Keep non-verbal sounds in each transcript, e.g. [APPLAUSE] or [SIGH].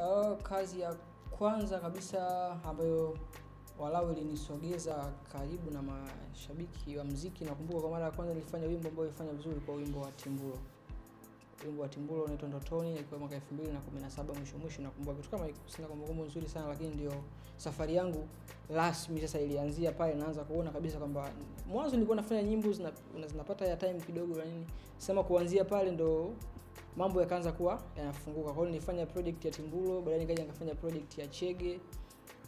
Uh, kazi ya kwanza kabisa ambayo walau ilinisogeza karibu na mashabiki wa mziki, nakumbuka kwa mara ya kwanza nilifanya wimbo ambao ulifanya vizuri kwa wimbo wa Timbulo. Wimbo wa Timbulo unaitwa Ndotoni, ilikuwa mwaka 2017 mwisho mwisho, nakumbuka kitu kama sina kumbukumbu nzuri sana, lakini ndio safari yangu rasmi sasa ilianzia pale. Naanza kuona kabisa kwamba mwanzo nilikuwa nafanya nyimbo zinapata ya time kidogo na nini, sema kuanzia pale ndo mambo yakaanza kuwa yanafunguka. kwao nilifanya project ya Timbulo, baadaye nikaja nikafanya project ya Chege,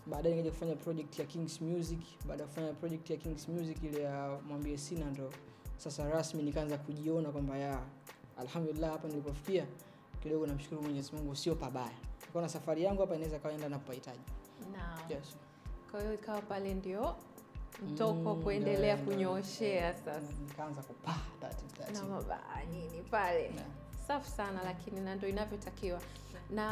baadaye nikaja kufanya project ya Kings Music, baada ya kufanya project ya Kings Music ile ya mwambie sina, ndo sasa rasmi nikaanza kujiona kwamba ya alhamdulillah, hapa nilipofikia kidogo, namshukuru Mwenyezi Mungu, sio pabaya. Kwa na safari yangu hapa inaweza kawa enda napahitaji. Naam. Yes. Kwa hiyo ikawa pale ndio mtoko mm, kuendelea kunyooshea sasa, nikaanza kupaa taratibu na mabaa nini pale na safi sana, lakini na ndio inavyotakiwa. Na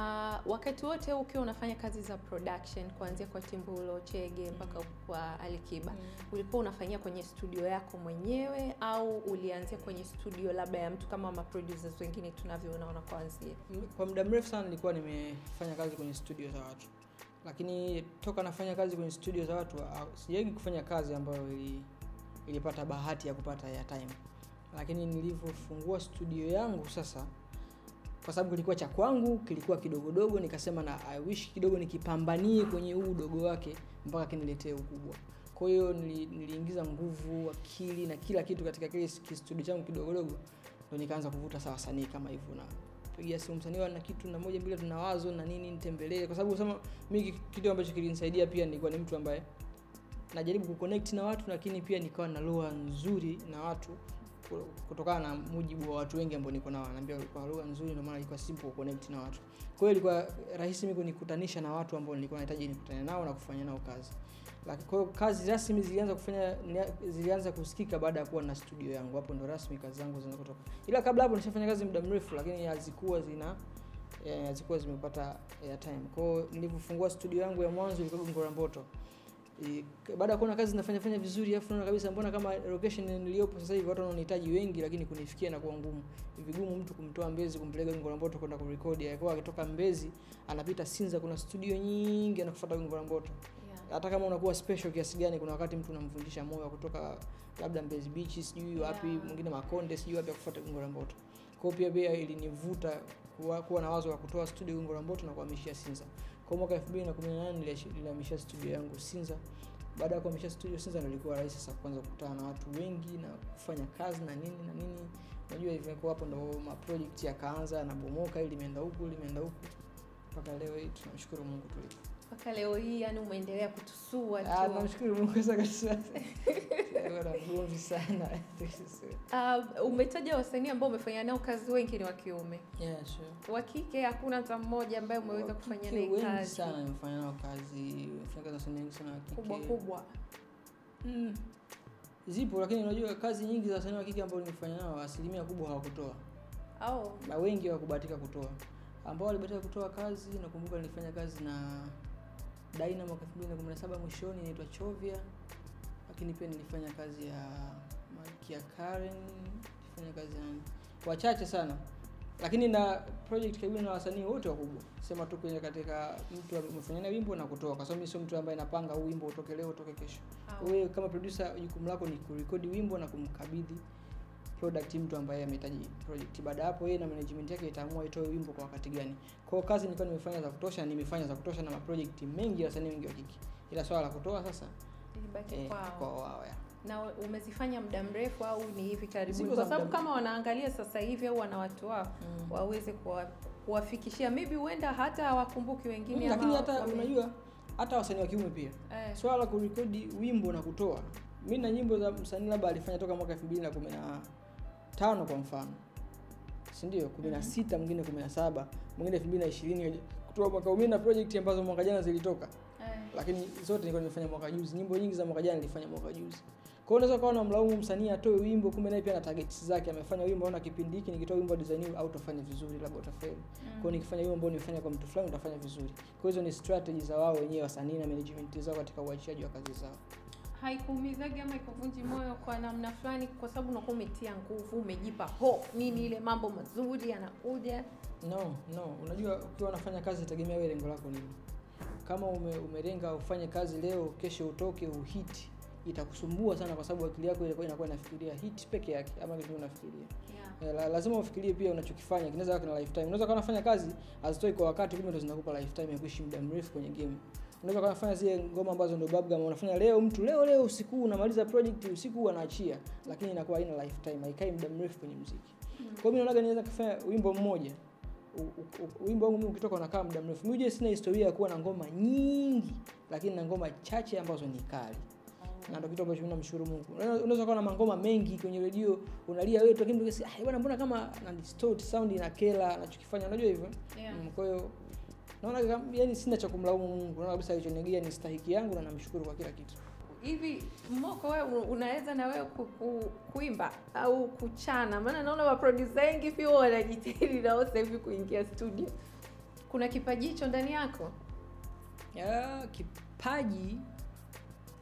wakati wote ukiwa unafanya kazi za production, kuanzia kwa Timbulo Chege mpaka mm. kwa Alikiba mm. ulikuwa unafanyia kwenye studio yako mwenyewe au ulianzia kwenye studio labda ya mtu kama maproducers wengine tunavyoona kuanzia? Kwa muda mrefu sana nilikuwa nimefanya kazi kwenye studio za watu, lakini toka nafanya kazi kwenye studio za watu sijawahi kufanya kazi ambayo ili, ilipata bahati ya kupata ya time lakini nilivyofungua studio yangu sasa kwa sababu kilikuwa cha kwangu kilikuwa kidogodogo nikasema na I wish kidogo nikipambanie kwenye huu udogo wake mpaka kiniletee ukubwa kwa hiyo niliingiza nguvu akili na kila kitu katika kile kistudio changu kidogodogo ndo nikaanza kuvuta saa wasanii kama hivyo na pigia simu msanii na kitu na moja mbili tuna wazo na nini nitembelee kwa sababu sema mimi kitu ambacho kilinisaidia pia nilikuwa ni mtu ambaye najaribu kuconnect na watu lakini pia nikawa na lugha nzuri na watu kutokana na mujibu wa watu wengi ambao niko nao, anaambia kwa lugha nzuri, ndio maana ilikuwa simple connect na watu. Kwa hiyo ilikuwa rahisi mimi kunikutanisha na watu ambao nilikuwa nahitaji nikutane nao na kufanya nao kazi. Lakini kwa hiyo kazi rasmi zilianza kufanya zilianza kusikika baada ya kuwa na studio yangu. Hapo ndo rasmi kazi zangu zinaanza kutoka. Ila kabla hapo nishafanya kazi muda mrefu, lakini hazikuwa zina eh, hazikuwa zimepata airtime. Kwa hiyo nilipofungua studio yangu ya mwanzo ilikuwa Gongo la Mboto e, baada ya kuona kazi zinafanya fanya vizuri afu naona kabisa mbona kama location niliyopo sasa hivi watu wanahitaji wengi lakini kunifikia na kuwa ngumu vigumu mtu kumtoa mbezi kumpeleka gongo la mboto kwenda kurekodi akiwa akitoka mbezi anapita sinza kuna studio nyingi anakufuata gongo la mboto hata kama unakuwa special kiasi gani kuna wakati mtu unamvunjisha moyo kutoka labda mbezi beach sijui wapi yeah. mwingine makonde sijui wapi akufuata gongo la mboto kwao pia pia ilinivuta kuwa, kuwa na wazo wa kutoa studio gongo la mboto na kuhamishia sinza kwa mwaka 2018 nilihamisha studio yangu sinza baada ya kuhamisha studio sinza nilikuwa rahisi sasa kuanza kukutana na watu wengi na kufanya kazi na nini na nini unajua hivyokuwa hapo ndo project yakaanza bomoka, ili imeenda huku limeenda huku mpaka leo hii tunamshukuru mungu tulipo mpaka leo hii yani umeendelea kutusua ah, tunamshukuru mungu sana [LAUGHS] wana sana uh, umetaja wasanii ambao umefanya nao kazi wengi ni wa kiume yeah, sure. wa kike hakuna hata mmoja ambaye umeweza kufanya kazi sana nao kazi kubwa kubwa mm. zipo lakini unajua kazi nyingi za wasanii wa kike ambao nimefanya nao asilimia kubwa hawakutoa oh. na wengi hawakubahatika kutoa ambao walibahatika kutoa kazi nakumbuka nilifanya kazi na daina mwaka 2017 mwishoni inaitwa chovya lakini pia nilifanya kazi ya Malkia Karen, nilifanya kazi ya wachache sana, lakini na project karibu na wasanii wote wakubwa, sema tu kwenye katika mtu amefanya wimbo na kutoa, kwa sababu mimi sio mtu ambaye napanga huu wimbo utoke leo utoke kesho. Ah. Wewe kama producer, jukumu lako ni kurekodi wimbo na kumkabidhi product mtu ambaye amehitaji project. Baada hapo yeye na management yake itaamua itoe wimbo kwa wakati gani. Kwa hiyo kazi nilikuwa nimefanya za kutosha, nimefanya za kutosha na maproject mengi ya wasanii wengi wa kike, ila swala la kutoa sasa ilibaki eh, kwao wao ya na umezifanya muda mrefu au ni hivi karibuni? Kwa sababu kama wanaangalia sasa hivi au wana watu wao mm. waweze kuwafikishia, maybe huenda hata hawakumbuki wengine mm, lakini hata wame... unajua hata wasanii wa kiume pia eh. swala la kurekodi wimbo na kutoa, mi na nyimbo za msanii labda alifanya toka mwaka 2015 kwa mfano, si ndio? 16 mm-hmm. mwingine mm -hmm. 17 mwingine 2020 kutoa mwaka mwingine na project ambazo mwaka jana zilitoka lakini zote nilikuwa nimefanya mwaka juzi nyimbo nyingi za mwaka jana nilifanya mwaka juzi kwa hiyo unaweza ukawa unamlaumu msanii atoe wimbo kumbe naye pia na target zake amefanya wimbo aona kipindi hiki nikitoa wimbo design au utafanya vizuri labda utafeli mm. kwa hiyo nikifanya wimbo ambao nimefanya kwa mtu fulani utafanya vizuri kwa hizo ni strategy za wao wenyewe wasanii na management zao katika uachiaji wa kazi zao haikuumizaji ama ikuvunji moyo kwa namna fulani kwa sababu unakuwa umetia nguvu umejipa ho nini ile mambo mazuri yanakuja no no unajua ukiwa unafanya kazi tegemea wewe lengo lako nini kama ume, umelenga ufanye kazi leo, kesho utoke uhit itakusumbua sana, kwa sababu akili yako ilikuwa inakuwa inafikiria hit peke yake, ama kitu unafikiria yeah. Eh, la, lazima ufikirie pia unachokifanya kinaweza kuwa na lifetime. Unaweza kuwa unafanya kazi azitoi kwa wakati, kumbe ndo zinakupa lifetime ya kuishi muda mrefu kwenye game. Unaweza kuwa unafanya zile ngoma ambazo ndio bubblegum unafanya leo, mtu leo leo usiku unamaliza project usiku anaachia, lakini inakuwa haina lifetime, haikai muda mrefu kwenye muziki. Mm. Kwa hiyo mimi naona naweza kufanya wimbo mmoja wimbo wangu mimi ukitoka unakaa muda mrefu. Mimi sina historia ya kuwa na ngoma nyingi, lakini na ngoma chache ambazo ni kali na ndio kitu ambacho namshukuru Mungu. Unaweza kuwa na mangoma mengi kwenye redio unalia wewe, lakini unasikia ah, bwana, mbona kama na distort sound kela anachokifanya, unajua hivyo yeah. Mm, kwa hiyo naona yani sina cha kumlaumu Mungu, naona kabisa alichonigia ni stahiki yangu na namshukuru kwa kila kitu hivi moko wewe unaweza na wewe ku, ku, kuimba au kuchana maana naona maprodusa wengi pia wanajitahidi nao sasa hivi kuingia studio kuna kipaji hicho ndani yako yeah, kipaji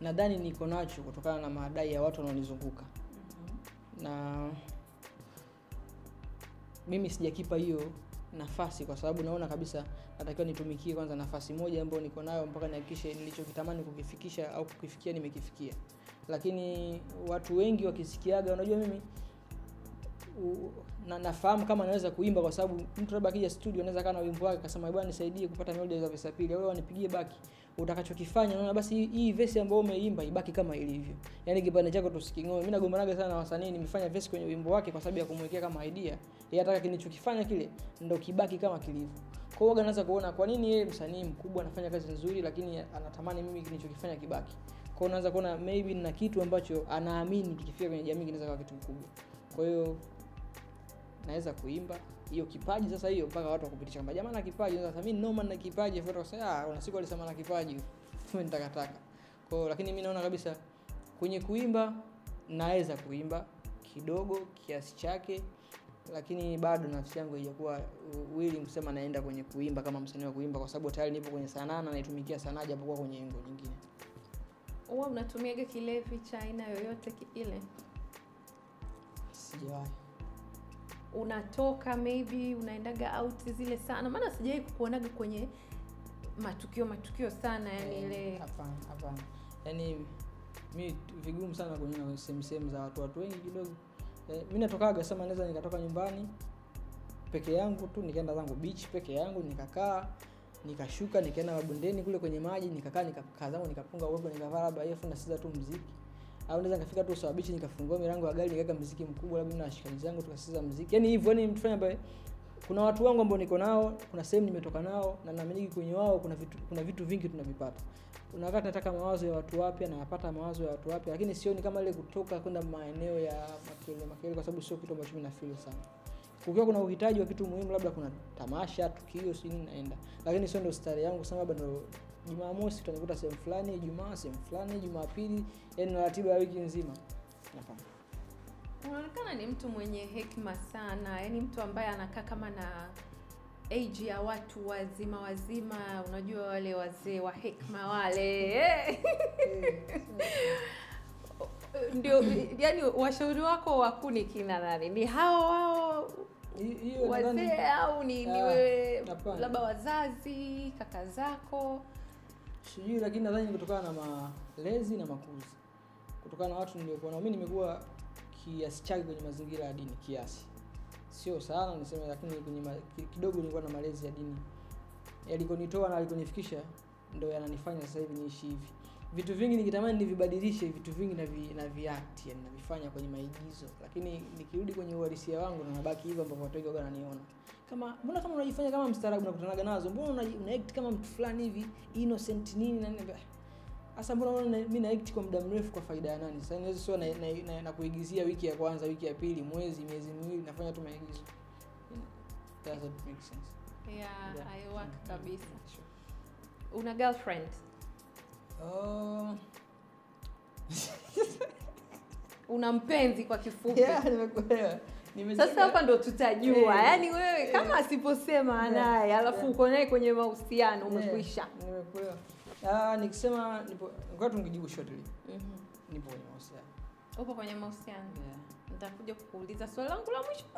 nadhani niko nacho kutokana na maadai ya watu wanaonizunguka mm-hmm. na mimi sijakipa hiyo nafasi kwa sababu naona kabisa natakiwa nitumikie kwanza nafasi moja ambayo niko nayo mpaka nihakikishe nilichokitamani kukifikisha au kukifikia nimekifikia lakini watu wengi wakisikiaga unajua mimi na, nafahamu kama anaweza kuimba kwa sababu mtu labda akija studio anaweza kana wimbo wake akasema bwana nisaidie kupata melody za verse pili au nipigie baki utakachokifanya unaona basi hii verse ambayo umeimba ibaki kama ilivyo yani kipande chako tu tusiking'oe mimi nagombanaga sana na wasanii nimefanya verse kwenye wimbo wake kwa sababu ya kumwekea kama idea yeye ataka kinichokifanya kile ndio kibaki kama kilivyo kwa hiyo anaanza kuona kwa nini yeye msanii mkubwa anafanya kazi nzuri lakini anatamani mimi kinichokifanya kibaki kwa hiyo unaweza kuona maybe na kitu ambacho anaamini kikifika kwenye jamii kinaweza kuwa kitu kikubwa kwa hiyo naweza kuimba hiyo kipaji sasa hiyo mpaka watu wakupitisha kwamba jamaa na kipaji sasa mimi ah, noma na kipaji afuata [LAUGHS] kusema ah kuna siku alisema na kipaji tume nitakataka kwa lakini mimi naona kabisa kwenye kuimba naweza kuimba kidogo kiasi chake lakini bado nafsi yangu haijakuwa willing kusema naenda kwenye kuimba kama msanii wa kuimba kwa sababu tayari nipo kwenye sanaa na naitumikia sanaa japokuwa kwenye engo nyingine huwa unatumiaga kilevi cha aina yoyote ile sijawahi unatoka maybe unaendaga out zile sana maana sijawai kukuonaga kwenye matukio matukio sana yani eh, ile hapana hapana yani mi vigumu sana kwenye sehemu sehemu za watu watu wengi kidogo e, mi natokaga sema naweza nikatoka nyumbani peke yangu tu nikaenda zangu beach peke yangu nikakaa nikashuka nikaenda mabondeni kule kwenye maji nikakaa nikakaa zangu nikapunga uwepo nikavaa labda funa nasikiza tu mziki au naweza nikafika tu sawa bichi nikafungua milango ya gari nikaweka muziki mkubwa labda na washikaji zangu tukasikiza muziki yani hivyo ni yaani mtu ambaye kuna watu wangu ambao niko nao kuna sehemu nimetoka nao na naamini kwenye wao kuna vitu, kuna vitu vingi tunavipata kuna nataka mawazo ya watu wapya nayapata mawazo ya watu wapya lakini sioni kama ile kutoka kwenda maeneo ya makelele makelele kwa sababu sio kitu ambacho mi nafili sana kukiwa kuna uhitaji wa kitu muhimu labda kuna tamasha tukio sini naenda lakini sio ndo stari yangu sana labda ndo Jumamosi utanikuta sehemu fulani, Ijumaa sehemu fulani, Jumapili, yani na ratiba ya wiki nzima. Unaonekana ni mtu mwenye hekima sana, yani mtu ambaye anakaa kama na age ya watu wazima wazima, unajua wale wazee wa hekima wale [LAUGHS] ndio yani washauri wako wakuni ni kina nani ni hao wao wazee au ni, ni ah, wewe labda wazazi kaka zako sijui, lakini nadhani kutokana na malezi na makuzi, kutokana na watu niliokuwa nao mimi. Nimekuwa kiasi chake kwenye mazingira ya dini, kiasi sio sana niseme, lakini kwenye kidogo nilikuwa na malezi ya dini yalikonitoa na yalikonifikisha, ndo yananifanya sasa hivi niishi hivi vitu vingi nikitamani nivibadilishe vitu vingi na vi, na viact yani navifanya kwenye maigizo, lakini nikirudi kwenye uhalisia wangu na nabaki hivyo ambavyo watu wengi wananiona kama, mbona kama unajifanya kama mstaarabu na kutanaga nazo, mbona una, una act kama mtu fulani hivi innocent nini na nini hasa, mbona unaona mimi na act kwa muda mrefu kwa faida ya nani? Sasa niwezi sio na, na, na, na, kuigizia wiki ya kwanza, wiki ya pili, mwezi, miezi miwili, nafanya tu maigizo. doesn't make sense. Yeah, yeah. I work mm-hmm. kabisa. Sure. Una girlfriend? oh. [LAUGHS] una mpenzi kwa kifupi yeah, nimekuelewa sasa hapa ndo tutajua yeah. yaani wewe yeah. kama asiposema naye yeah. alafu yeah. uko naye kwenye mahusiano umekwisha yeah. nikisema ngoja tungejibu shortly mm-hmm. nipo kwenye mahusiano upo kwenye mahusiano yeah. nitakuja kukuuliza swali langu la mwisho